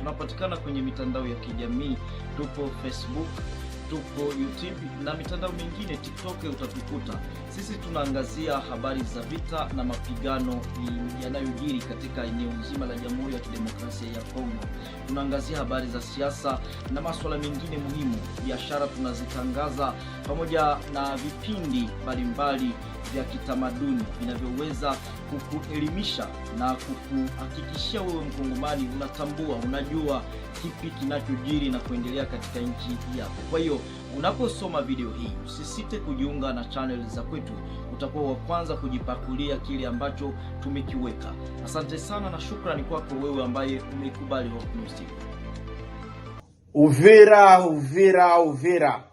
Tunapatikana kwenye mitandao ya kijamii, tupo Facebook, tupo YouTube na mitandao mingine, TikTok utatukuta. Sisi tunaangazia habari za vita na mapigano yanayojiri katika eneo nzima la Jamhuri ya Kidemokrasia ya Kongo. Tunaangazia habari za siasa na masuala mengine muhimu. Biashara tunazitangaza pamoja na vipindi mbalimbali vya kitamaduni vinavyoweza kukuelimisha na kukuhakikishia wewe Mkongomani unatambua, unajua kipi kinachojiri na kuendelea katika nchi yako. Kwa hiyo unaposoma video hii usisite kujiunga na channel za kwetu, utakuwa wa kwanza kujipakulia kile ambacho tumekiweka. Asante sana na shukrani kwako wewe ambaye umekubali Hope Uvira, Uvira, Uvira.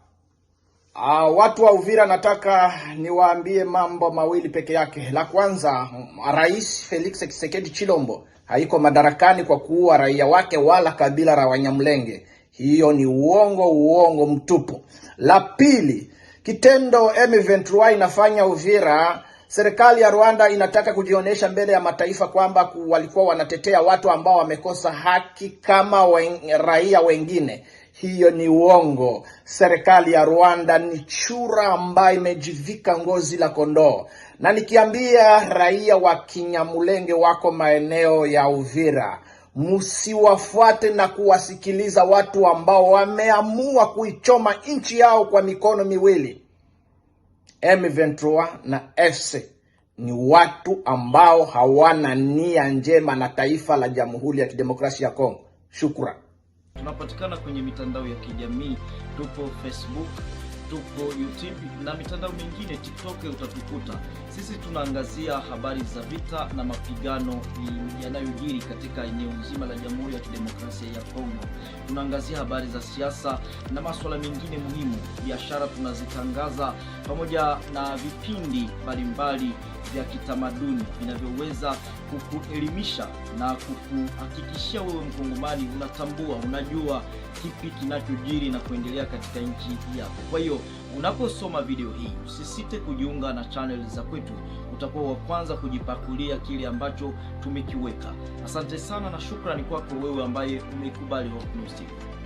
Uh, watu wa Uvira nataka niwaambie mambo mawili peke yake. La kwanza, Rais Felix Tshisekedi Chilombo haiko madarakani kwa kuua raia wake wala kabila la Wanyamlenge. Hiyo ni uongo, uongo mtupu. La pili, kitendo M23 inafanya Uvira, serikali ya Rwanda inataka kujionyesha mbele ya mataifa kwamba walikuwa wanatetea watu ambao wamekosa haki kama wen, raia wengine hiyo ni uongo. Serikali ya Rwanda ni chura ambayo imejivika ngozi la kondoo, na nikiambia raia wa Kinyamulenge wako maeneo ya Uvira, msiwafuate na kuwasikiliza watu ambao wameamua kuichoma nchi yao kwa mikono miwili. M23 na FC ni watu ambao hawana nia njema na taifa la Jamhuri ya Kidemokrasia ya Kongo. Shukran. Tunapatikana kwenye mitandao ya kijamii, tupo Facebook tupo YouTube na mitandao mingine TikTok, utatukuta sisi tunaangazia habari za vita na mapigano yanayojiri katika eneo nzima la Jamhuri ya Kidemokrasia ya Kongo. Tunaangazia habari za siasa na masuala mengine muhimu, biashara tunazitangaza, pamoja na vipindi mbalimbali vya kitamaduni vinavyoweza kukuelimisha na kukuhakikishia wewe mkongomani unatambua, unajua kipi kinachojiri na kuendelea katika nchi yako. Kwa hiyo unaposoma video hii usisite kujiunga na channel za kwetu, utakuwa wa kwanza kujipakulia kile ambacho tumekiweka. Asante sana na shukrani kwako wewe ambaye umeikubali Hope News TV.